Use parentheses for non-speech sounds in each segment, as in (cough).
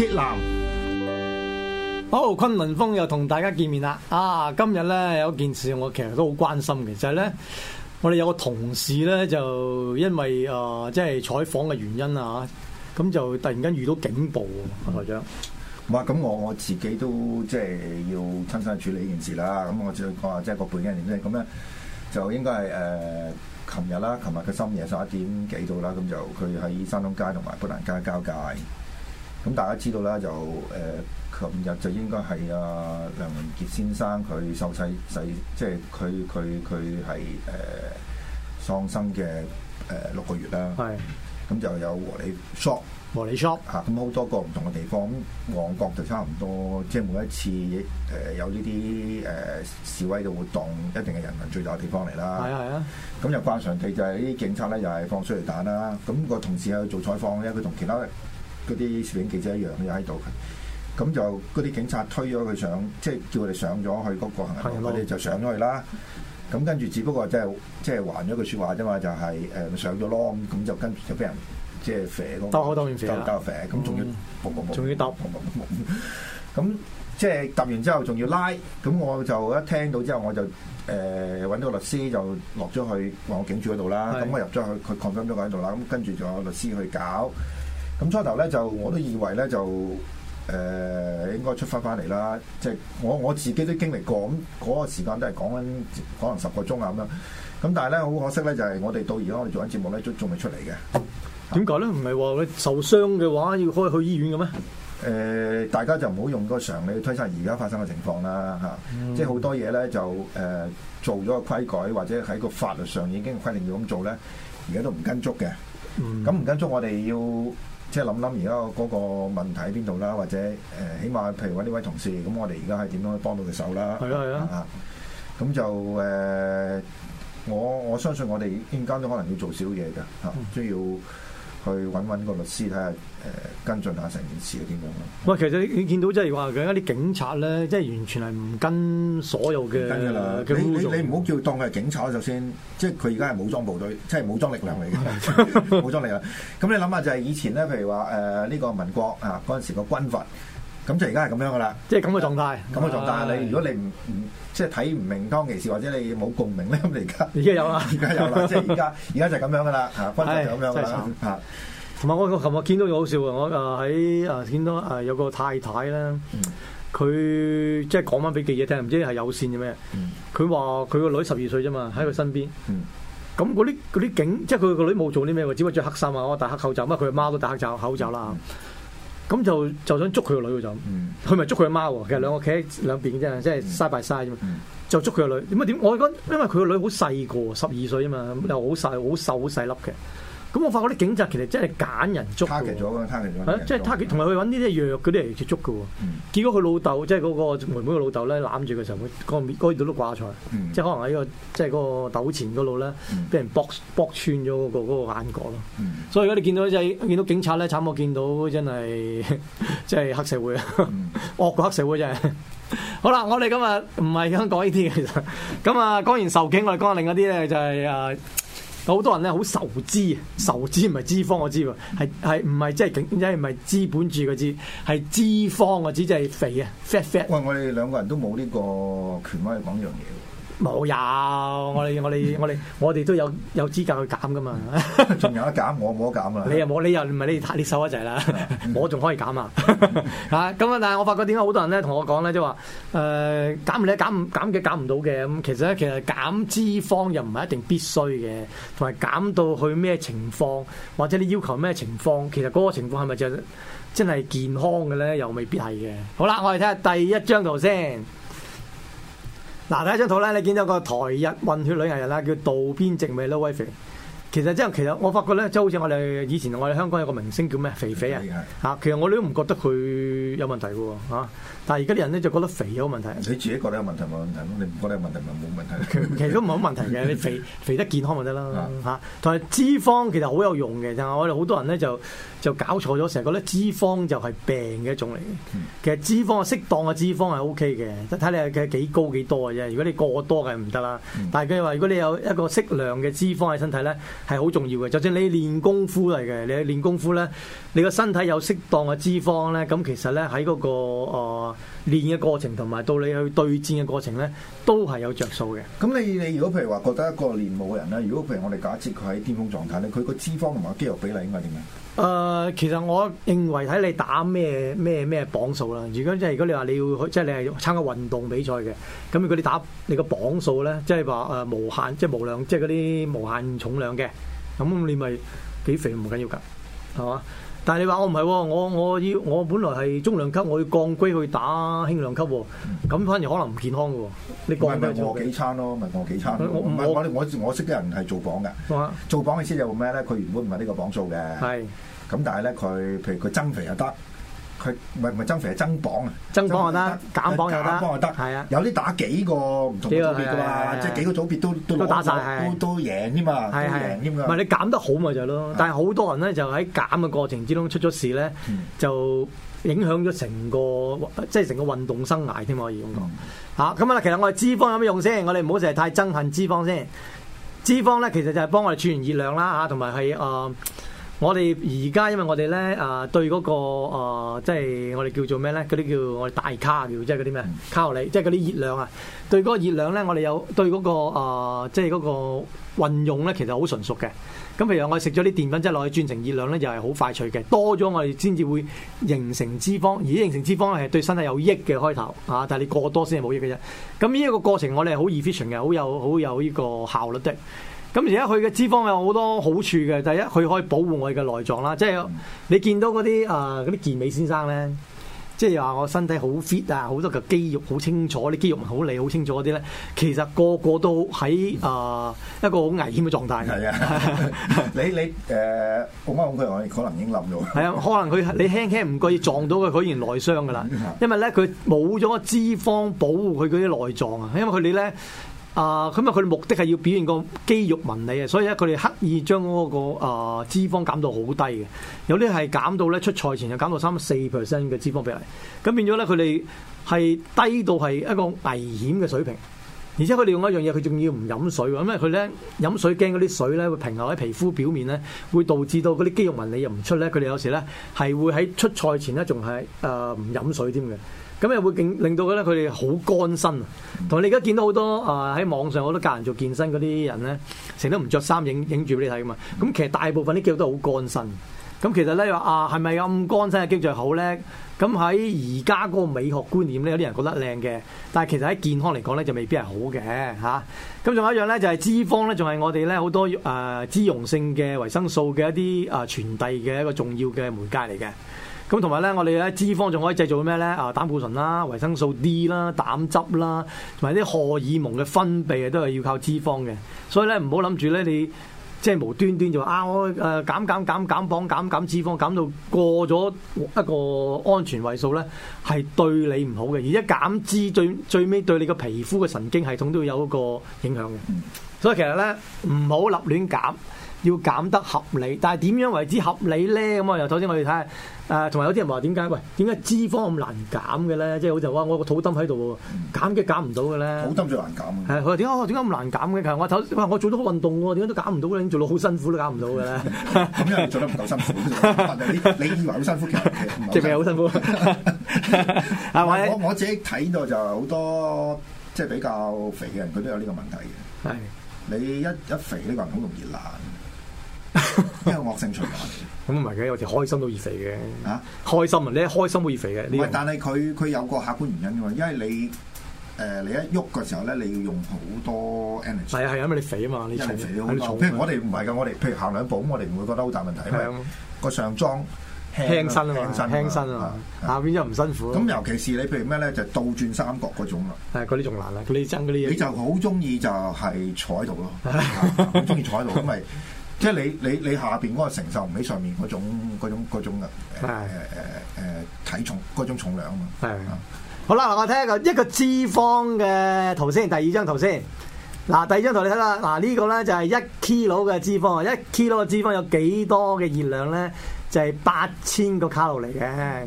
鐵男，好，崑崙風又同大家見面啦。啊，今日咧有件事，我其實都好關心嘅，就係咧，我哋有個同事咧就因為誒、呃、即係採訪嘅原因啊，咁就突然間遇到警暴，嗯、啊，台長。唔係，咁我我自己都即係要親身處理呢件事啦。咁我再講下即係個背景先。咁咧就應該係誒，琴、呃、日啦，琴日嘅深夜十一點幾度啦，咁就佢喺山東街同埋砵蘭街交界。咁大家知道啦，就誒，琴、呃、日就應該係阿梁凌杰先生佢受洗洗，即係佢佢佢係誒喪生嘅誒六個月啦。係是，咁就有和你 shop，和你 shop 吓，咁好多個唔同嘅地方，旺角就差唔多，即係每一次誒有呢啲誒示威嘅活動，一定係人民最大嘅地方嚟啦。係啊係啊，咁又慣常地就係、是、啲警察咧又係放催淚彈啦。咁、那個同事去做採訪咧，佢同其他嗰啲攝影記者一樣嘅喺度，咁就嗰啲警察推咗佢上，即係叫佢哋上咗去嗰個行，我哋的就上咗去啦。咁跟住，只不過即係即係還咗句説話啫嘛，就係、是、誒、就是、上咗咯，咁就跟住就俾人即係揼咯，都好都咁仲要冇，仲要搭咁即係揼完之後仲要拉，咁我就一聽到之後我就誒揾到律師就落咗去話我警署嗰度啦，咁的我入咗去佢 confirm 咗佢喺度啦，咁跟住仲有律師去搞。咁初頭咧就我都以為咧就誒、呃、應該出返返嚟啦，即係我我自己都經歷過，咁、那、嗰個時間都係講緊可能十個鐘啊咁樣。咁但係咧好可惜咧，就係、是、我哋到而家我哋做緊節目咧，都仲未出嚟嘅。點解咧？唔係話你受傷嘅話要可以去醫院嘅咩？誒、呃，大家就唔好用個常理去推測而家發生嘅情況啦嚇。嗯、即係好多嘢咧就誒、呃、做咗個規改，或者喺個法律上已經規定要咁做咧，而家都唔跟足嘅。咁唔、嗯、跟足我哋要。即係諗諗而家嗰個問題喺邊度啦，或者誒，起碼譬如話呢位同事，咁我哋而家係點樣去幫到佢手啦？係啊係啊，咁就誒、呃，我我相信我哋現間都可能要做少嘢㗎嚇，都、啊、要。去揾揾個律師睇下，誒、呃、跟進下成件事係點樣。喂，其實你見到即係話而家啲警察咧，即係完全係唔跟所有嘅。跟㗎啦，律你你你唔好叫當佢係警察就算，即係佢而家係武裝部隊，即係武裝力量嚟嘅武裝力量。咁你諗下就係以前咧，譬如話誒呢個民國啊嗰陣時個軍閥。咁就而家係咁樣噶啦，即係咁嘅狀態。咁嘅狀態，你如果你唔唔即係睇唔明當其時，或者你冇共鳴咧，咁你而家而家有啦，而家有啦，即係而家而家就係咁樣噶啦，啊，氛圍就係咁樣噶啦。同埋我琴日見到又好笑啊，我啊喺啊見到啊有個太太啦，佢即係講翻俾記者聽，唔知係有線嘅咩？佢話佢個女十二歲啫嘛，喺佢身邊。咁嗰啲啲警，即係佢個女冇做啲咩，只不過著黑衫啊，我戴黑口罩，乜佢媽都戴黑罩口罩啦。咁就就想捉佢個女喎就，佢咪捉佢阿媽喎，其實兩個企喺兩邊嘅啫，即係 side by side 啫，就捉佢個女。點解？點？我講因為佢個女好細,細個，十二歲啊嘛，又好細，好瘦，好細粒嘅。咁、嗯、我發覺啲警察其實真係揀人捉咗，即係同埋去揾啲啲弱嗰啲嚟接觸㗎喎。結果佢老豆，即係嗰個妹妹、嗰個老豆咧攬住嘅時候，個面嗰度都掛彩，嗯這個，即係可能喺個即係嗰個斗前嗰度咧，俾人博博穿咗個嗰個眼角咯。嗯、所以而家你見到就見到警察咧，慘我見到真係即係黑社會啊，惡過黑社會真係。嗯、 (laughs) 好啦，我哋今日唔係香港呢啲嘅，其實咁啊，當然受警，我哋講下另一啲咧就係、是、誒。就是好多人咧好愁脂啊，愁脂唔係脂肪我知喎，係係唔係即係點咧？唔係資本住個脂，係脂肪啊，脂即係肥啊，fat fat。喂，我哋兩個人都冇呢個權威去講呢樣嘢。冇有，我哋我哋我哋我哋都有有資格去減㗎嘛， (laughs) 仲有得減，我冇得減啦。你又冇，理由唔係你太你瘦得滯啦， (laughs) 我仲可以減啊！嚇咁啊！但係我發覺點解好多人咧同我講咧，即係話誒減唔你，減唔減嘅減唔到嘅咁，其實咧其實減脂肪又唔係一定必須嘅，同埋減到去咩情況，或者你要求咩情況，其實嗰個情況係咪就真係健康嘅咧？又未必係嘅。好啦，我哋睇下第一張圖先。嗱，第一張圖咧，你見到個台日混血女藝人啦，叫渡邊直美咯，威肥。其實真係，其實我發覺咧，即係好似我哋以前我哋香港有個明星叫咩肥肥啊嚇，其實我哋都唔覺得佢有問題嘅喎、啊、但係而家啲人咧就覺得肥有問題。你自己覺得有問題冇問題？你唔覺得有問題咪冇問題？其實都唔係好問題嘅。 (laughs) 你肥肥得健康咪得啦嚇。同、啊、埋脂肪其實好有用嘅，就係我哋好多人咧就就搞錯咗，成日覺得脂肪就係病嘅一種嚟嘅。嗯、其實脂肪啊，適當嘅脂肪係 OK 嘅。睇你係幾高幾多嘅啫。如果你過多嘅唔得啦。但係佢話如果你有一個適量嘅脂肪喺身體咧。係好重要嘅，就算你練功夫嚟嘅，你練功夫咧，你個身體有適當嘅脂肪咧，咁其實咧喺嗰個誒練嘅過程，同埋到你去對戰嘅過程咧，都係有着數嘅。咁你你如果譬如話覺得一個練武嘅人咧，如果譬如我哋假設佢喺巔峰狀態咧，佢個脂肪同埋肌肉比例應該點樣？誒、呃，其實我認為睇你打咩咩咩磅數啦。如果即係如果你話你要去，即係你係參加運動比賽嘅，咁如果你打你個磅數咧，即係話誒無限即係無量即係嗰啲無限重量嘅，咁你咪幾肥唔緊要㗎，係嘛？但係你話我唔係喎，我我要我本來係中量級，我要降規去打輕量級。哦，咁、嗯、反而可能唔健康嘅喎、哦。你降規就降幾餐咯，咪降幾餐。唔係我哋我我，我，我，我識啲人係做磅嘅，我做磅嘅先有咩咧？佢原本唔係是呢個磅數嘅，係咁但係咧佢譬如佢增肥啊得。佢唔係唔係增肥，係增磅啊！增磅又得，減磅又得，有啲打幾個唔同組別嘅嘛，即係幾個組別都都打晒，都都贏添嘛，都贏添。唔係你減得好咪就係咯，但係好多人咧就喺減嘅過程之中出咗事咧，就影響咗成個即係成個運動生涯添。我可以咁講嚇。咁啊，其實我哋脂肪有咩用先？我哋唔好成日太憎恨脂肪先。脂肪咧其實就係幫我哋轉完熱量啦嚇，同埋係誒。我哋而家因為我哋咧、嗰個，誒對嗰個即係我哋叫做咩咧？嗰啲叫我哋大卡即係嗰啲咩卡路里，即係嗰啲熱量啊！對嗰個熱量咧，我哋有對嗰、嗰個即係嗰個運用咧，其實好純熟嘅。咁譬如我哋食咗啲澱粉質落去轉成熱量咧，又係好快脆嘅。多咗我哋先至會形成脂肪，而形成脂肪係對身體有益嘅開頭啊！但係你過多先係冇益嘅啫。咁呢一個過程我哋係好 efficient 嘅，好有好有呢個效率的。咁而家佢嘅脂肪有好多好處嘅，第一，佢可以保護我哋嘅內臟啦。即係你見到嗰啲啊啲健美先生咧，即係話我身體好 fit 啊，好多嘅肌肉好清楚，啲肌肉好理、好清楚嗰啲咧，其實個個都喺啊、呃、一個好危險嘅狀態。係啊 (laughs) (laughs) ，你你誒講翻講佢，呃、可能已經冧咗。係啊， (laughs) 可能佢你輕輕唔覺意撞到佢，佢然內傷噶啦。因為咧，佢冇咗脂肪保護佢嗰啲內臟啊。因為佢哋咧。啊，咁啊，佢哋目的係要表現個肌肉紋理啊，所以咧，佢哋刻意將嗰個脂肪減到好低嘅，有啲係減到咧出賽前就減到三、四 percent 嘅脂肪比例，咁變咗咧，佢哋係低到係一個危險嘅水平，而且佢哋用一樣嘢，佢仲要唔飲水喎，因為佢咧飲水驚嗰啲水咧會平衡喺皮膚表面咧，會導致到嗰啲肌肉紋理入唔出咧，佢哋有時咧係會喺出賽前咧仲係啊唔飲水添嘅。咁又會令令到咧，佢哋好乾身。同埋你而家見到好多啊喺、呃、網上好多教人做健身嗰啲人咧，成日都唔着衫影影住俾你睇噶嘛。咁其實大部分啲肌肉都好乾身。咁其實咧話啊，係咪咁乾身嘅肌肉好咧？咁喺而家嗰個美學觀念咧，有啲人覺得靚嘅，但係其實喺健康嚟講咧，就未必係好嘅嚇。咁、啊、仲有一樣咧，就係、是、脂肪咧，仲係我哋咧好多誒、呃、脂溶性嘅維生素嘅一啲啊、呃、傳遞嘅一個重要嘅媒介嚟嘅。咁同埋咧，我哋咧脂肪仲可以製造咩咧？啊，膽固醇啦、維生素 D 啦、膽汁啦，同埋啲荷爾蒙嘅分泌呀都係要靠脂肪嘅。所以咧，唔好諗住咧，你即係無端端就啊，我誒、呃、減減減減磅減減，減減脂肪減到過咗一個安全位數咧，係對你唔好嘅。而且減脂最最尾對你個皮膚嘅神經系統都會有一個影響嘅。所以其實咧，唔好立亂減。要減得合理，但係點樣為之合理咧？咁我又頭先我哋睇下，誒，同埋有啲人話點解？喂，點解脂肪咁難減嘅咧？即係好似話我個肚腩喺度喎，減嘅減唔到嘅咧。肚腩最難減。係佢話點解？點解咁難減嘅？其實我話我做咗好多運動喎，點解都減唔到咧？做到好辛苦都減唔到嘅咧。咁樣 (laughs) 你做得唔夠辛苦。 (laughs) 你以為好辛苦嘅？即係好辛苦。係咪？我我自己睇到就好多，即係比較肥嘅人，佢都有呢個問題嘅。係，你一一肥呢個人好容易難。因為惡性循環，咁唔係嘅，有啲開心都易肥嘅。啊，開心啊，你一開心會易肥嘅。但係佢佢有個客觀原因嘅，因為你誒你一喐嘅時候咧，你要用好多 energy。係啊，係因為你肥啊嘛，你肥你好重。譬如我哋唔係噶，我哋譬如行兩步，咁我哋唔會覺得好大問題。係啊，個上裝輕身啊嘛，輕身啊嘛，下邊又唔辛苦。咁尤其是你譬如咩咧，就倒轉三角嗰種啊。係，嗰啲仲難啊，嗰啲啲嘢。你就好中意就係坐喺度咯，中意坐喺度，因為。即係你你你下邊嗰個承受唔起上面嗰種嗰種嗰種嘅誒誒誒體重嗰種重量啊嘛，係。好啦，嗱我睇一個一個脂肪嘅圖先，第二張圖先，嗱，第二張圖，圖你睇啦，嗱、這個、呢個咧就係一 kilo 嘅脂肪啊，一 kilo 嘅脂肪有幾多嘅熱量咧，就係八千個卡路里嘅，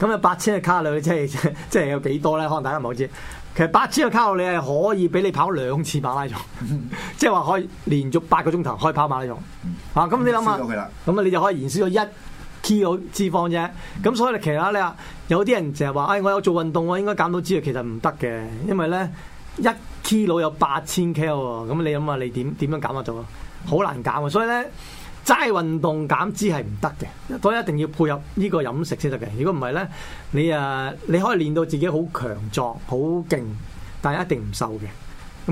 咁啊八千個卡路里即係即係有幾多咧？可能大家唔好知。其實八千個卡路里係可以俾你跑兩次馬拉松， (laughs) 即係話可以連續八個鐘頭可以跑馬拉松。嗯、啊，咁、嗯嗯、你諗下，咁啊你就可以燃燒咗一 kilo 脂肪啫。咁、嗯、所以其實你其他你啊，有啲人淨係話，唉、哎，我有做運動，我應該減到脂肪，其實唔得嘅，因為咧一 kilo 有八千 cal 咁你諗下，你點點樣減得到啊？好難減，所以咧。齋運動減脂係唔得嘅，都一定要配合呢個飲食先得嘅。如果唔係咧，你啊你可以練到自己好強壯、好勁，但係一定唔瘦嘅。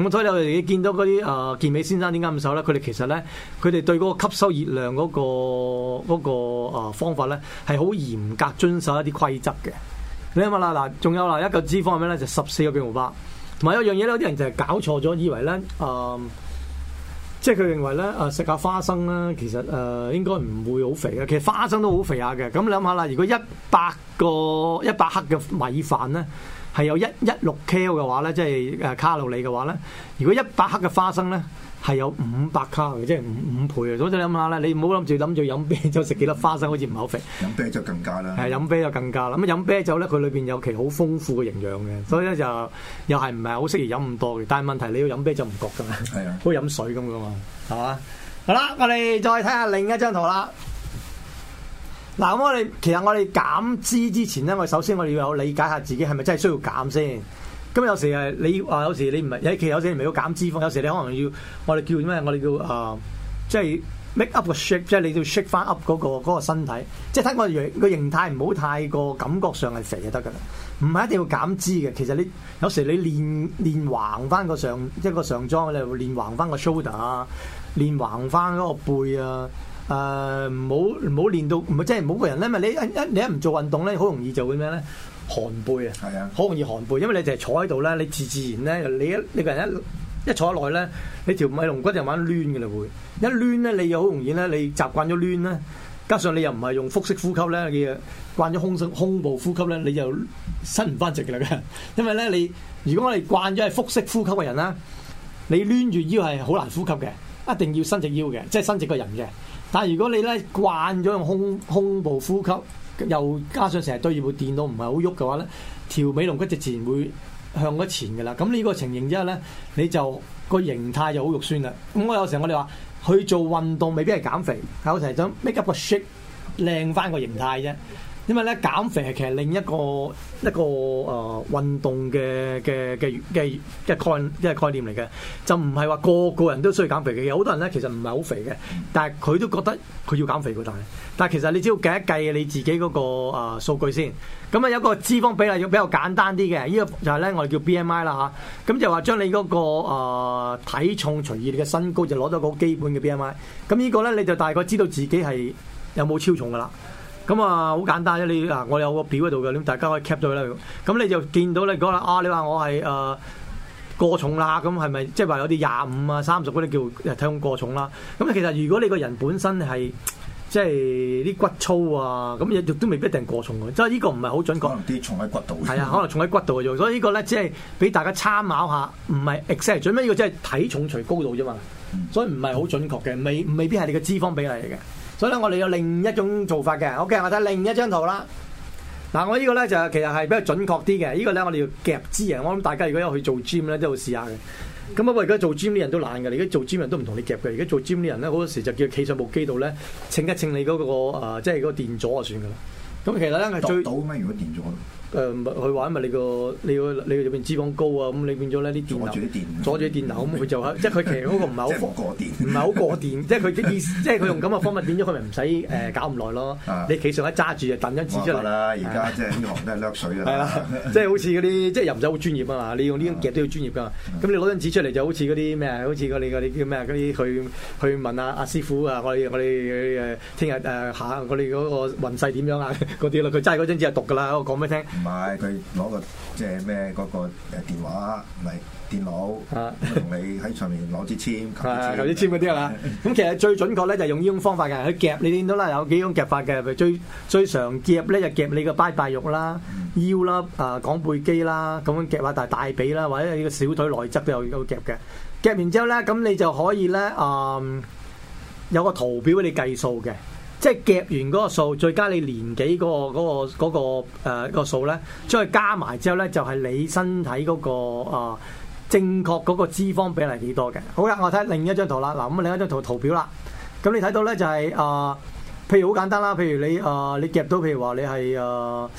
咁所以有時你見到嗰啲啊健美先生點解咁瘦咧？佢哋其實咧，佢哋對嗰個吸收熱量嗰、嗰個嗰、嗰個呃、方法咧係好嚴格遵守一啲規則嘅。你諗下啦，嗱，仲有啦，一嚿脂肪係咩咧？就十四個雞肉包。同埋一樣嘢咧，有啲人就係搞錯咗，以為咧啊～、呃即係佢認為咧，誒、呃、食下花生咧，其實誒、呃、應該唔會好肥嘅。其實花生都好肥下嘅。咁你諗下啦，如果一百個一百克嘅米飯咧係有一一六 K 嘅話咧，即係誒卡路里嘅話咧，如果一百克嘅花生咧？係有五百卡，即係五五倍啊！所以你諗下啦，你唔好諗住諗住飲啤酒食幾粒花生好似唔係好肥，飲啤酒更加啦。係飲啤酒就更加啦，咁飲啤酒咧，佢裏邊有其好豐富嘅營養嘅，所以咧就又係唔係好適宜飲咁多嘅。但係問題你要飲啤酒唔覺噶嘛？係啊，好似飲水咁噶嘛，係嘛？好啦，我哋再睇下另一張圖啦。嗱，咁我哋其實我哋減脂之前咧，我首先我哋要有理解下自己係咪真係需要減先。咁有時係你話有時你唔係尤其有時唔係要減脂肪，有時你可能要我哋叫咩？我哋叫啊，叫 uh，即係 make up 個 shape，即係你要 shake 翻 up 嗰、嗰個嗰個身體，即係睇我個形個形態，唔好太過感覺上係肥就得噶啦，唔係一定要減脂嘅。其實你有時你練練橫翻個上一個上裝咧，練橫翻個 shoulder 啊，練橫翻嗰個背啊，誒唔好唔好練到唔係即係唔好個人咧，咪你一你一唔做運動咧，好容易就會咩咧？寒背啊，係啊，好容易寒背，因為你就係坐喺度咧，你自自然咧，你一你一個人一一坐落嚟咧，你條尾龍骨就玩攣嘅啦會，一攣咧你又好容易咧，你習慣咗攣咧，加上你又唔係用腹式呼吸咧，嘅慣咗胸胸部呼吸咧，你就伸唔返直嘅啦，因為咧你如果我哋慣咗係腹式呼吸嘅人啦，你攣住腰係好難呼吸嘅，一定要伸直腰嘅，即係伸直個人嘅。但係如果你咧慣咗用胸胸部呼吸。又加上成日對住部電腦唔係好喐嘅話咧，條尾龍骨就自然會向咗前嘅啦。咁呢個情形之下，咧，你就、個形態就好肉酸嘅。咁我有時我哋話去做運動未必係減肥，係我哋想 make up 個 shape 靚翻個形態啫。因為咧，減肥係其實另一個一個誒、呃、運動嘅嘅嘅嘅嘅概一個概念嚟嘅，就唔係話個個人都需要減肥嘅。有好多人咧其實唔係好肥嘅，但係佢都覺得佢要減肥，但係但係其實你只要計一計你自己嗰，那個誒、呃、數據先，咁啊有一個脂肪比例就比較簡單啲嘅，呢、這個就係咧我哋叫 B M I 啦嚇，咁、啊、就話將你嗰，那個誒、呃、體重除以你嘅身高就攞到個基本嘅 B M I，咁呢個咧你就大概知道自己係有冇超重㗎啦。咁啊，好、嗯、簡單啫！你嗱、啊，我有個表喺度嘅，咁大家可以 cap 到佢啦。咁你就見到你講啦，啊，你話我係誒、呃、過重啦，咁係咪即係話有啲廿五啊、三十嗰啲叫體重過重啦？咁、嗯、其實如果你個人本身係即係啲骨粗啊，咁亦都未必一定過重嘅，即係呢個唔係好準確。可能啲重喺骨度。係 (laughs) 啊，可能重喺骨度嘅，所以個呢個咧即係俾大家參考下，唔係 exact 最尾？呢個即係體重除高度啫嘛，所以唔係好準確嘅，未未，未必係你嘅脂肪比例嚟嘅。所以咧，我哋有另一種做法嘅。OK，我睇另一張圖啦。嗱、啊，我個呢個咧就其實係比較準確啲嘅。這個、呢個咧我哋要夾支人。我諗大家如果有去做 gym 咧，都可以試下嘅。咁啊，而家做 gym 啲人都懶嘅。而家做 gym 人都唔同你夾嘅。而家做 gym 啲人咧，好多時就叫企上部機度咧，秤一秤你嗰、那個即係、呃就是、個電阻就算嘅啦。咁其實咧係讀最。誒唔去玩咪你個你個你個變脂肪高啊咁你變咗咧啲電阻住啲電流咁佢、嗯、就 (laughs) 即係佢其實嗰個唔係好過電唔係好過電即係佢即係佢用咁嘅方法變咗佢咪唔使誒搞唔耐咯？你企上一揸住就揼張紙出嚟啦！而家即係呢行都係掠水啊！係啦，即係好似嗰啲即係又唔使好專業啊嘛！你用呢種夾都要專業㗎，咁、啊啊、你攞張紙出嚟就好似嗰啲咩好似你個叫咩嗰啲去去問阿、啊、阿師傅啊！我哋我哋誒聽日誒下我哋嗰個運勢點樣啊？嗰啲啦，佢揸嗰張紙係讀㗎啦，我講俾你聽。唔係佢攞個即係咩嗰個誒電話，唔係電腦，同你喺上面攞支簽，求支簽嗰啲啦。咁其實最準確咧就係用呢種方法嘅，去夾你見到啦，有幾種夾法嘅。最最常夾咧就夾你個拜拜肉啦、腰啦、啊、講背肌啦，咁樣夾下，但係大髀啦，或者依個小腿內側都有有夾嘅。夾完之後咧，咁你就可以咧啊，有個圖表俾你計數嘅。即係夾完嗰個數，再加你年紀嗰、嗰個嗰、嗰個嗰、嗰個嗰個呃嗰個數咧，將佢加埋之後咧，就係、是、你身體嗰、嗰個啊、呃、正確嗰個脂肪比例幾多嘅。好嘅，我睇另一張圖啦。嗱，咁另一張圖圖表啦，咁你睇到咧就係、是、誒、呃，譬如好簡單啦，譬如你誒、呃、你夾到，譬如話你係誒。呃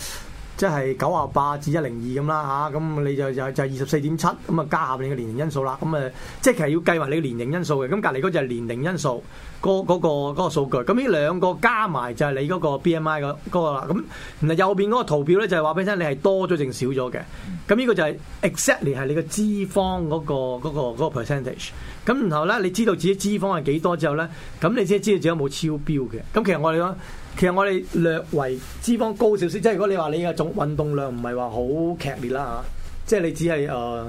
即係九啊八至一零二咁啦嚇，咁、嗯、你就就就二十四點七，咁啊加下你嘅年齡因素啦，咁、嗯、啊即係其實要計劃你嘅年齡因素嘅，咁隔離嗰就係年齡因素、嗰個嗰個嗰個數據，咁呢兩個加埋就係你嗰個 BMI 嗰、嗰個啦。咁然後右邊嗰個圖表咧就係話俾你聽，你係多咗定少咗嘅。咁呢個就係 exactly 係你嘅脂肪嗰、嗰個嗰 percentage。咁、嗰個嗰個、per 然後咧，你知道自己脂肪係幾多之後咧，咁你先知道自己有冇超標嘅。咁其實我哋其實我哋略為脂肪高少少，即係如果你話你嘅總運動量唔係話好劇烈啦吓，即係你只係誒、即、呃、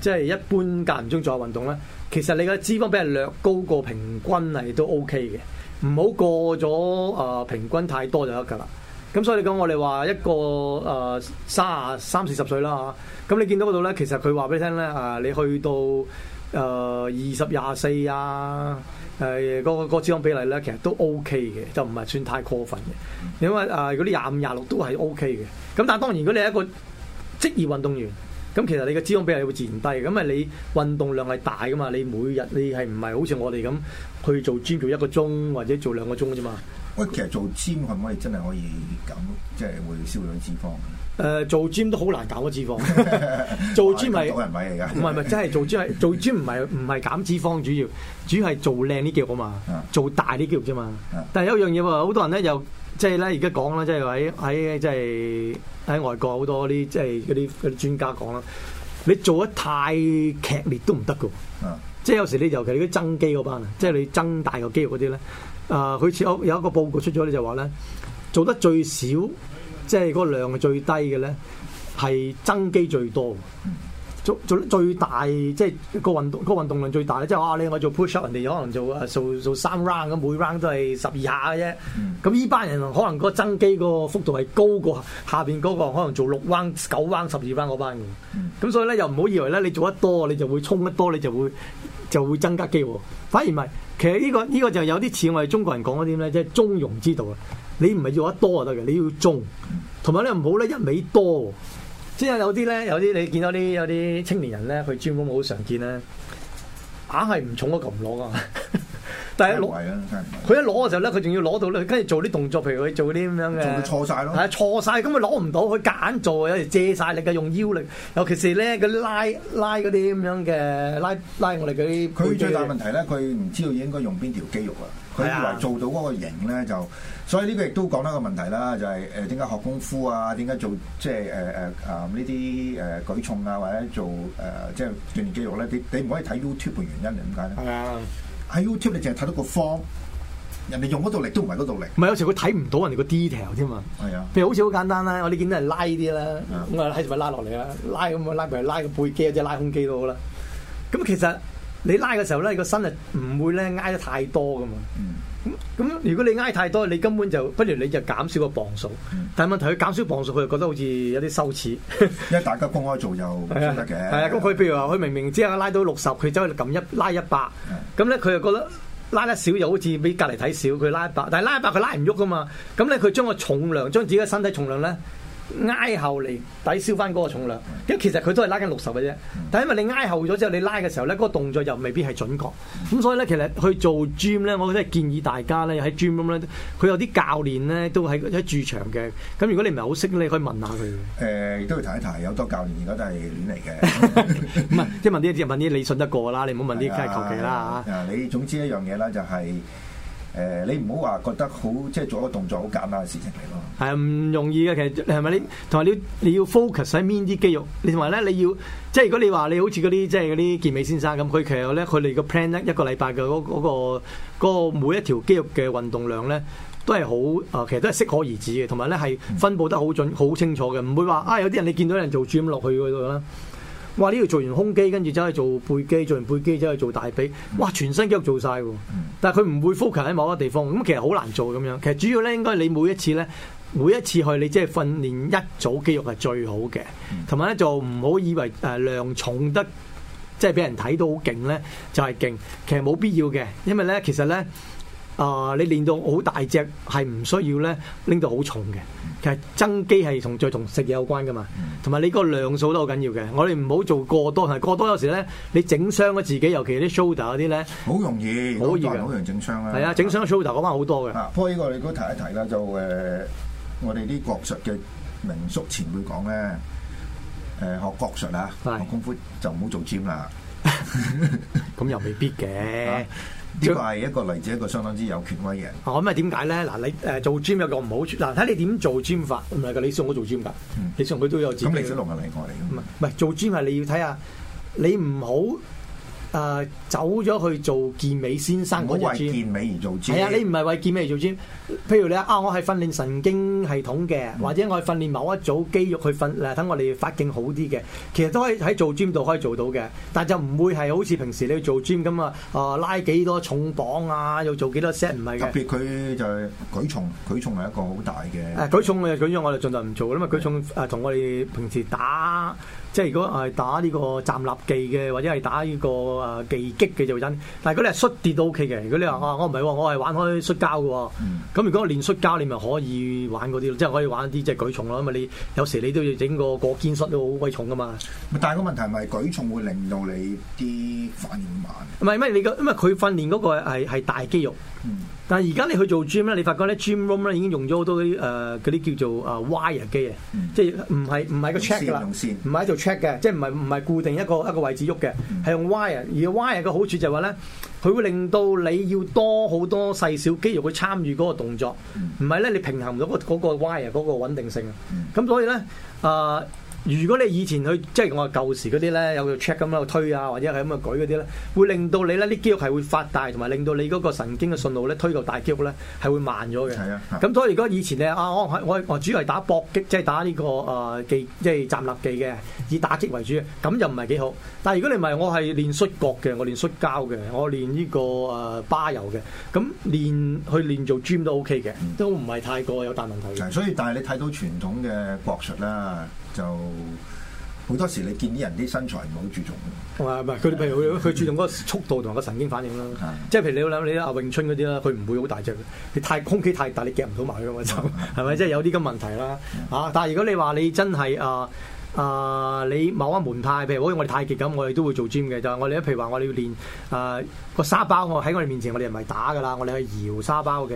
係、就是、一般間唔中做下運動咧，其實你嘅脂肪比人略高過平均嚟都 OK 嘅，唔好過咗誒、呃、平均太多就得㗎啦。咁所以你講我哋話一個誒三廿三四十歲啦吓，咁、呃、你見到嗰度咧，其實佢話俾你聽咧，誒、呃、你去到誒二十廿四啊。誒、呃那個、那個脂肪比例咧，其實都 OK 嘅，就唔係算太過分嘅。因為啊，嗰啲廿五、廿六都係 OK 嘅。咁但係當然，如果你係一個職業運動員，咁其實你嘅脂肪比例會自然低。咁啊，你運動量係大噶嘛？你每日你係唔係好似我哋咁去做 gym 做一個鐘或者做兩個鐘啫嘛？喂，其實做 gym 可唔可以真係可以減，即、就、係、是、會消兩脂肪？誒、呃、做 gym 都好難減咗脂肪， (laughs) 做 gym 係人嚟㗎。唔係唔係，真係、即係、做 gym 係 (laughs) 做 gym 唔係唔係減脂肪主要，主要係做靚啲肌肉嘛，做大啲肌肉啫嘛。 (laughs) 但係有一樣嘢喎，好多人咧又即係咧而家講啦，即係喺喺即係喺外國好多啲即係嗰啲啲專家講啦，你做得太劇烈都唔得㗎。即係 (laughs) 有時你尤其你啲增肌嗰班啊，即、即、係、係、你增大個肌肉嗰啲咧，啊、呃，佢似有一個報告出咗你就話咧做得最少。即係嗰個量係最低嘅咧，係增肌最多，做做最，最大即係個運動、嗰個運動量最大咧。即係我阿你，我做 push up，人哋可能做、啊、做做三 round 咁，每 round 都係十二下嘅啫。咁呢、嗯、班人可能個增肌個幅度係高過下邊嗰個，可能做六 round、九 round, round、十二 round 嗰班嘅。咁所以咧，又唔好以為咧，你做得多，你就會衝得多，你就會就會增加肌喎。反而唔係，其實呢、這個呢、這個就有啲似我哋中國人講嗰啲咩，即係中庸之道啊。你唔係要得多就得嘅，你要中，同埋你唔好咧一味多，即係 (music) 有啲咧，有啲你見到啲有啲青年人咧，佢專門好常見咧，硬係唔重個琴攞落但係攞佢一攞嘅時候咧，佢仲要攞到咧，跟住做啲動作，譬如佢做啲咁樣嘅，做錯晒咯，係啊，錯晒，咁佢攞唔到，佢夾硬做，有時借晒力嘅，用腰力，尤其是咧，佢拉拉嗰啲咁樣嘅拉拉我哋啲，佢最大問題咧，佢唔知道應該用邊條肌肉啊，佢以為做到嗰個型咧就，啊、所以呢個亦都講到一個問題啦，就係誒點解學功夫啊，點解做即係誒誒誒呢啲誒舉重啊，或者做誒即係鍛鍊肌肉咧，你你唔可以睇 YouTube 嘅原因係點解咧？係啊。喺 YouTube 你淨係睇到個方，人哋用嗰度力都唔係嗰度力。唔係有時佢睇唔到人哋個 detail 啫嘛。譬、哎、呀如好似好簡單啦，我哋見到係拉啲啦，咁我喺上咪拉落嚟啦，拉咁啊，拉埋拉個背肌或者拉胸肌都好啦。咁其實你拉嘅時候咧，個身啊唔會咧挨得太多噶嘛。嗯咁如果你挨太多，你根本就不如你就減少個磅數。但係問題佢減少磅數，佢就覺得好似有啲羞恥，因為大家公開做又唔舒服嘅。係啊 (laughs) 的，咁佢譬如話，佢的明明只係拉到六十的，佢走去撳一拉一百，咁咧佢又覺得拉得少又好似俾隔籬睇少。佢拉一百，但係拉一百佢拉唔喐㗎嘛？咁咧佢將個重量，將自己嘅身體重量咧。挨後嚟抵消翻嗰個重量，因為其實佢都係拉緊六十嘅啫。但係因為你挨後咗之後，你拉嘅時候咧，嗰、嗰個動作又未必係準確。咁、嗯、所以咧，其實去做 gym 咧，我覺得建議大家咧，喺 gym 咁咧，佢有啲教練咧都喺喺駐場嘅。咁如果你唔係好識，你可以問下佢嘅、呃。都要提一提，有多教練而家都係亂嚟嘅。唔係， (laughs) 即係問啲，即係 (laughs) 問啲，你信得過啦，你唔好問啲，梗係求其啦嚇。你總之一樣嘢啦，就係。誒，你唔好話覺得好，即係做一個動作好簡單嘅事情嚟咯。係啊，唔容易嘅，其實係咪你同埋你你要 focus 喺邊啲肌肉，你同埋咧，你要即係如果你話你好似嗰啲即係嗰啲健美先生咁，佢其實咧，佢哋個 plan 一一個禮拜嘅嗰嗰個每一條肌肉嘅運動量咧，都係好啊，其實都係適可而止嘅，同埋咧係分佈得好準、好清楚嘅，唔會話啊有啲人你見到人做住咁落去嗰度啦。哇呢度做完胸肌，跟住走去做背肌，做完背肌走去做大髀，哇！全身肌肉做晒喎，但係佢唔會 focus 喺某一個地方，咁其實好難做咁樣。其實主要咧，應該你每一次咧，每一次去你即係訓練一組肌肉係最好嘅，同埋咧就唔好以為誒量重得即係俾人睇到好勁咧就係勁，其實冇必要嘅，因為咧其實咧。啊！你練到好大隻，係唔需要咧拎到好重嘅。其實增肌係同最同食嘢有關噶嘛，同埋你個量數都好緊要嘅。我哋唔好做過多，係過多有時咧，你整傷咗自己，尤其啲 shoulder 嗰啲咧，好容易，好易，好容易整傷啦。係啊，整傷 shoulder 講翻好多嘅。啊，不過呢個你都提一提啦，就誒，我哋啲國術嘅名宿前輩講咧，誒學國術啊，學功夫就唔好做尖啦。咁又未必嘅。呢個係一個例子，一個相當之有權威嘅人。哦，咁咪點解咧？嗱，你誒做 gym 有個唔好處，嗱睇你點做 gym 法，唔係㗎，你送我做 gym 㗎。嗯，李、嗯、小龍係另外嚟嘅。唔係做 gym 係你要睇下你要，你唔好。誒、呃、走咗去做健美先生嗰個做 gym，係啊，你唔係為健美而做 gym。譬如你啊，我係訓練神經系統嘅，或者我係訓練某一組肌肉去訓，誒，等我哋發勁好啲嘅，其實都可以喺做 gym 度可以做到嘅。但就唔會係好似平時你做 gym 咁啊，誒、呃、拉幾多重磅啊，又做幾多 set，唔係嘅。特別佢就係、舉重，舉重係一個好大嘅。誒舉重嘅舉重，舉重我哋盡量唔做因為。舉重誒同我哋平時打。即係如果係打呢個站立技嘅，或者係打呢個啊技擊嘅就真，但係如果你係摔跌都 OK 嘅。如果你話啊，我唔係喎，我係玩開摔跤喎、哦。咁、嗯、如果我練摔跤，你咪可以玩嗰啲咯，即係可以玩啲即係舉重咯。因為你有時你都要整個過肩摔都好威重噶嘛。但係個問題係咪舉重會令到你啲反應慢？唔係咩？你個因為佢訓練嗰個係係大肌肉。嗯但係而家你去做 gym 咧，你發覺咧 gym room 咧已經用咗好多啲嗰啲叫做啊 wire 機啊，嗯、即係唔係唔係個 track 㗎啦，唔係線做 track 嘅，線即係唔係唔係固定一個一個位置喐嘅，係、嗯、用 wire。而 wire 嘅好處就係話咧，佢會令到你要多好多細小，小肌肉去參與嗰個動作，唔係咧你平衡唔到嗰嗰個 wire 嗰個穩定性。咁、嗯、所以咧啊。呃如果你以前去即係我舊時嗰啲咧有個 check 咁喺度推啊，或者係咁啊舉嗰啲咧，會令到你咧啲肌肉係會發大，同埋令到你嗰個神經嘅信號咧推到大肌肉咧係會慢咗嘅。係啊，咁所以如果以前咧啊我係我係我主要係打搏擊，即係打呢、這個誒、啊、技，即係站立技嘅，以打擊為主，咁又唔係幾好。但係如果你唔係，我係練摔角嘅，我練摔跤嘅，我練呢、這個誒巴柔嘅，咁、uh, 練去練做 gym 都 OK 嘅，都唔係太過有大問題嘅、嗯。所以但係你睇到傳統嘅國術啦。就好多時，你見啲人啲身材唔好注重。唔係唔係，佢 (noise) 譬 (noise) 如佢注重嗰個速度同埋個神經反應啦。即係 (noise) 譬如你諗你阿詠春嗰啲啦，佢唔會好大隻。你太胸肌太大，你夾唔到埋佢咁就係咪？即係、 (noise) (laughs) 就是、有啲咁問題啦。啊！但係如果你話你真係啊～啊、呃！你某一門派，譬如好似我哋太極咁，我哋都會做 gym 嘅。就係我哋，譬如話我哋要練啊個、呃、沙包，我喺我哋面前我，我哋唔係打噶啦，我哋係搖沙包嘅。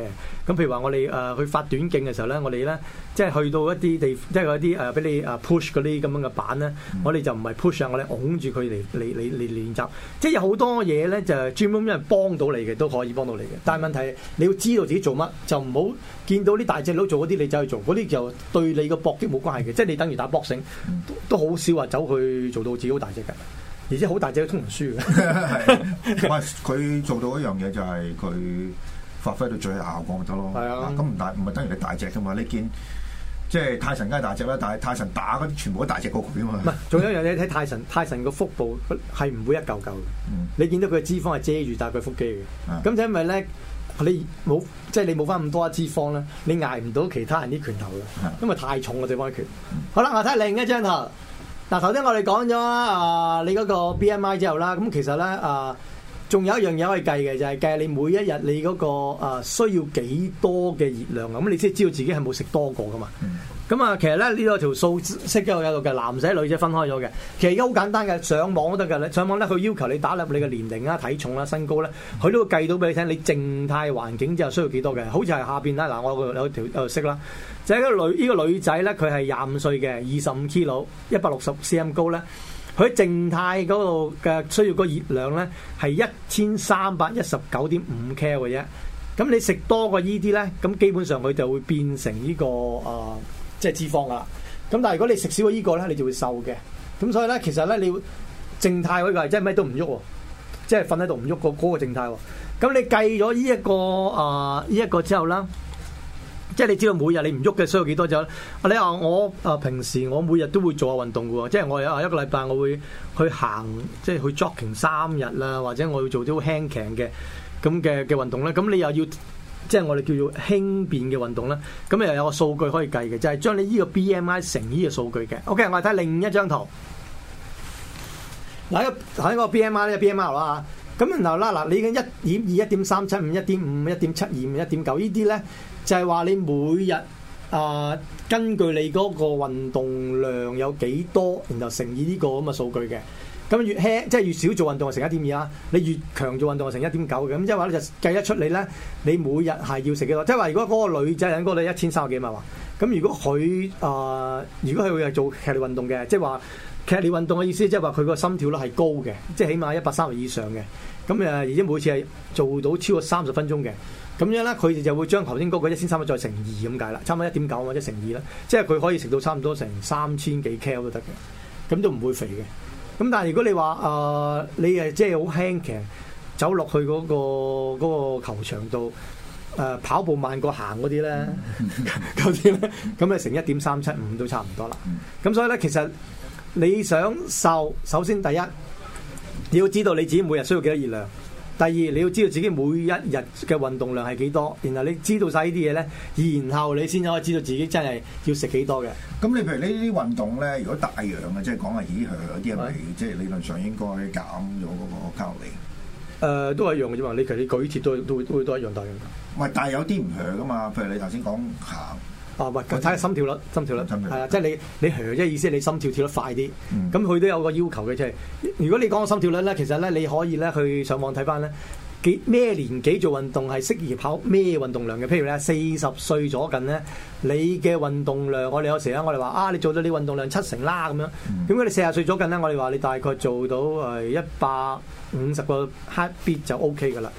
咁譬如話我哋誒、呃、去發短徑嘅時候咧，我哋咧即係去到一啲地，即係嗰啲誒俾你誒 push 嗰啲咁樣嘅板咧、嗯，我哋就唔係 push 上我哋擁住佢嚟嚟嚟嚟練習。即係有好多嘢咧，就 gym、是、因幫到你嘅都可以幫到你嘅。但係問題你要知道自己做乜，就唔好。見到啲大隻佬做嗰啲，你走去做，嗰啲就對你個搏擊冇關係嘅，即係你等於打搏繩，嗯、都好少話走去做到自己好大隻嘅，而且好大隻都通唔輸嘅。係，佢做到一樣嘢就係佢發揮到最大效果咪得咯？係啊、嗯、啊，咁唔大唔係等於你大隻噶嘛？你見即係、就是、泰神梗係大隻啦，但係泰神打嗰啲全部都大隻過佢啊嘛。唔係，仲有一樣嘢睇泰神， (laughs) 泰神個腹部係唔會一嚿嚿嘅。嗯、你見到佢嘅脂肪係遮住但係佢腹肌嘅，咁就、 (laughs) 嗯、因為咧。你冇即係你冇翻咁多一脂肪咧，你挨唔到其他人啲拳頭啦，因為太重個對方拳。好啦，我睇下另一張圖。嗱，頭先我哋講咗啊，你嗰個 BMI 之後啦，咁其實咧啊。呃仲有一樣嘢可以計嘅就係、是、計你每一日你嗰、那個、啊、需要幾多嘅熱量咁、嗯、你先知道自己係冇食多過噶嘛。咁、嗯、啊、嗯，其實咧呢度有條數式嘅，有個嘅男仔女仔分開咗嘅。其實好簡單嘅，上網都得㗎。上網咧佢要求你打入你嘅年齡啊、體重啊、身高咧，佢都會計到俾你聽你靜態環境之後需要幾多嘅。好似係下邊啦，嗱，我有條有識啦，就係、是、一個女依、這個女仔咧，佢係廿五歲嘅，二十五 kilo 一百六十 cm 高咧。佢靜態嗰度嘅需要個熱量咧係一千三百一十九點五 k 嘅啫，咁你食多過依啲咧，咁基本上佢就會變成呢、呢個啊、呃，即係脂肪啦。咁但係如果你食少過依個咧，你就會瘦嘅。咁所以咧，其實咧你靜態嗰個係即係咩都唔喐，即係瞓喺度唔喐個嗰個靜態喎。咁你計咗呢一個啊依一個之後啦。即係你知道每日你唔喐嘅需要幾多隻？你話我誒平時我每日都會做下運動嘅喎，即係我有一個禮拜我會去行，即係去 jogging 三日啦，或者我要做啲好輕強嘅咁嘅嘅運動咧。咁你又要即係我哋叫做輕便嘅運動咧？咁又有個數據可以計嘅，就係將你呢個 B M I 乘呢個數據嘅。OK，我哋睇另一張圖，嗱喺個 B M I 呢個 B M I 咯嚇。咁然後嗱嗱，你已經一點二、一點三、七五、一點五、一點七二、一點九依啲咧。就係話你每日啊、呃，根據你嗰個運動量有幾多，然後乘以呢個咁嘅數據嘅。咁、嗯、越輕即係越少做運動，就乘一點二啊。你越強做運動就乘 9,、嗯，就乘、是、一點九嘅。咁即係話你就計得出你咧，你每日係要食幾多？即係話如果嗰個女仔，嗰個女一千三百幾萬話，咁如果佢啊，如果佢係、那個嗯嗯呃、做劇烈運動嘅，即係話劇烈運動嘅意思，即係話佢個心跳率係高嘅，即、就、係、是、起碼一百三十以上嘅。咁、嗯、誒、呃，而且每次係做到超過三十分鐘嘅。.咁樣咧，佢哋就會將頭先嗰個一千三百再乘二咁解啦，差唔多一點九或者乘二啦，即係佢可以食到差唔多成三千幾卡都得嘅，咁都唔會肥嘅。咁但係如果你話誒你係即係好輕嘅，走落去嗰個嗰個球場度誒跑步慢過行嗰啲咧，嗰啲咧，咁啊乘一點三七五都差唔多啦。咁所以咧，其實你想瘦，首先第一你要知道你自己每日需要幾多熱量。第二，你要知道自己每一日嘅運動量係幾多，然後你知道晒呢啲嘢咧，然後你先可以知道自己真係要食幾多嘅。咁你譬如你運呢啲運動咧，如果帶氧嘅，即係講係起響啲嘢嚟，是是的即係理論上應該減咗嗰個卡路里。呃，都係一樣嘅啫嘛。你其實你舉鐵都會都會都都一樣帶氧。唔係，但係有啲唔響噶嘛。譬如你頭先講行。啊，唔係睇下心跳率，心跳率係、嗯、啊，即係你你何即意思係你心跳跳得快啲。咁佢、嗯、都有個要求嘅，即係如果你講個心跳率咧，其實咧你可以咧去上網睇翻咧幾咩年紀做運動係適宜跑咩運動量嘅。譬如咧，四十歲左近咧，你嘅運動量，我哋有時咧，我哋話啊，你做咗你運動量七成啦咁樣。咁、嗯、你四十歲左近咧？我哋話你大概做到誒一百五十個 heart beat 就 OK 噶啦。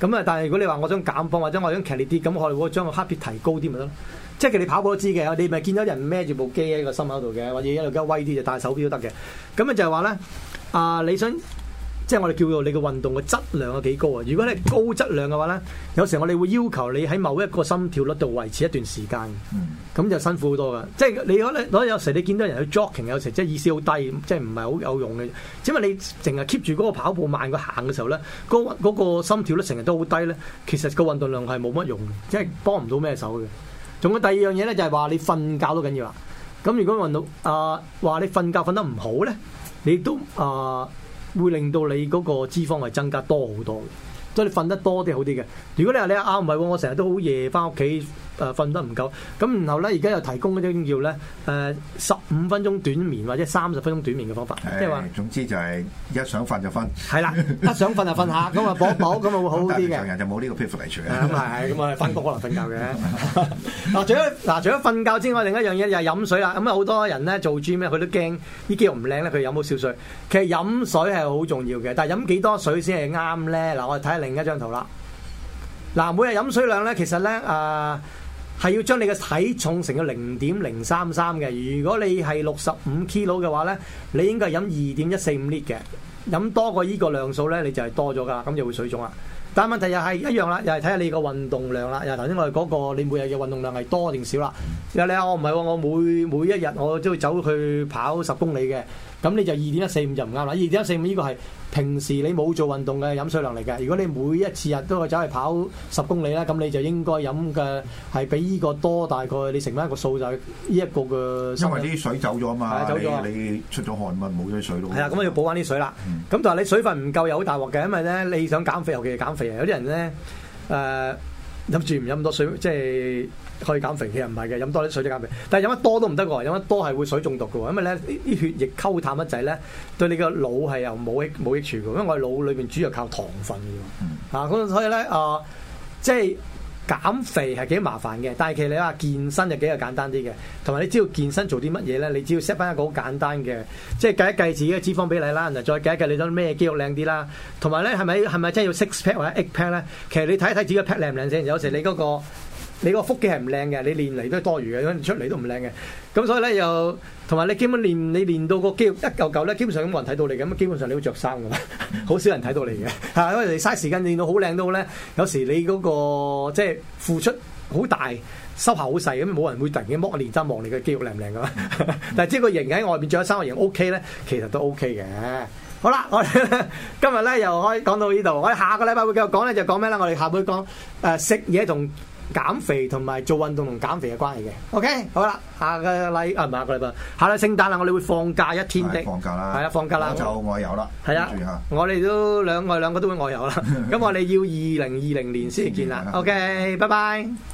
咁啊，但係如果你話我想減磅或者我想劇烈啲，咁我哋會將個 heart beat 提高啲咪得咯。即係你跑步都知嘅，你咪見到人孭住部機喺個心口度嘅，或者一路加威啲就戴手錶都得嘅。咁啊就係話咧，啊你想即係我哋叫做你嘅運動嘅質量有幾高啊？如果你高質量嘅話咧，有時我哋會要求你喺某一個心跳率度維持一段時間。咁、嗯、就辛苦好多噶。即係你可能，有時你見到人去 jogging，有時即係意思好低，即係唔係好有用嘅。只係你淨係 keep 住嗰個跑步慢過行嘅時候咧，嗰、那個那個心跳率成日都好低咧，其實個運動量係冇乜用，即係幫唔到咩手嘅。仲有第二樣嘢咧，就係話你瞓覺都緊要啦。咁如果問到啊話你瞓覺瞓得唔好咧，你都啊、呃、會令到你嗰個脂肪係增加多好多嘅，所以你瞓得多啲好啲嘅。如果你話你啱唔係喎，我成日都好夜翻屋企，誒，瞓得唔夠？咁然後咧，而家又提供嗰種叫咧，誒，十五分鐘短眠或者三十分鐘短眠嘅方法，即係話，總之就係一想瞓就瞓。係啦，一想瞓就瞓下，咁啊補補，咁啊會好啲嘅。常人就冇呢個皮膚嚟，除啊。咁係，咁啊返工可能瞓覺嘅。嗱，除咗嗱，除咗瞓覺之外，另一樣嘢就係飲水啦。咁啊，好多人咧做 gym 咧，佢都驚啲肌肉唔靚咧，佢飲好少水。其實飲水係好重要嘅，但係飲幾多水先係啱咧？嗱，我哋睇下另一張圖啦。嗱，每日飲水量咧，其實咧，誒。係要將你嘅體重乘個零點零三三嘅，如果你係六十五 kilo 嘅話咧，你應該係飲二點一四五 lit 嘅，飲多過依個量數咧，你就係多咗噶，咁就會水腫啊。但係問題又係一樣啦，又係睇下你個運動量啦，又頭先我哋嗰個你每日嘅運動量係多定少啦。又你話我唔係喎，我每每一日我都會走去跑十公里嘅。咁你就二點一四五就唔啱啦，二點一四五呢個係平時你冇做運動嘅飲水量嚟嘅。如果你每一次日都去走去跑十公里啦，咁你就應該飲嘅係比呢個多，大概你乘翻一個數就係呢一個嘅。因為啲水走咗啊嘛，你你出咗汗啊嘛，冇咗啲水咯。係啊，咁要補翻啲水啦。咁但係你水分唔夠又好大鑊嘅，因為咧你想減肥，尤其係減肥啊，有啲人咧誒。飲住唔飲咁多水，即係可以減肥其實唔係嘅，飲多啲水都減肥。但係飲得多都唔得喎，飲得多係會水中毒嘅喎，因為咧啲血液溝淡一滯咧，對你個腦係又冇益冇益處嘅，因為我哋腦裏邊主要靠糖分嘅喎，嗯、啊咁所以咧啊、呃、即係。減肥係幾麻煩嘅，但係其實你話健身就幾簡單啲嘅，同埋你知道健身做啲乜嘢咧？你只要 set 翻一個好簡單嘅，即係計一計自己嘅脂肪比例啦，然後再計一計你都咩肌肉靚啲啦。同埋咧係咪係咪真係要 six pack 或者 eight pack 咧？其實你睇一睇自己嘅 pack 靚唔靚先，有時你嗰個。你個腹肌係唔靚嘅，你練嚟都係多餘嘅，出嚟都唔靚嘅。咁所以咧，又同埋你基本練，你練到個肌肉一嚿嚿咧，基本上冇人睇到你嘅，咁基本上你都著衫嘅，好少人睇到你嘅。係因為你嘥時間練到好靚都好咧，有時你嗰個即係付出好大，收效好細，咁冇人會突然間剝你練身望你個肌肉靚唔靚嘅。但係即係個型喺外邊著衫個型 O K 咧，其實都 O K 嘅。好啦，我哋今日咧又可以講到呢度，我哋下個禮拜會繼續講咧，就講咩啦？我哋下邊講誒食嘢同減肥同埋做運動同減肥嘅關係嘅，OK，好啦，下個禮，啊唔係下個禮拜，下個聖誕啦，我哋會放假一天的，放假啦，係啊，放假啦，就外遊啦，係啊，我哋都兩我兩個都會外遊啦，咁 (laughs) 我哋要二零二零年先嚟見啦，OK，拜拜。 (laughs)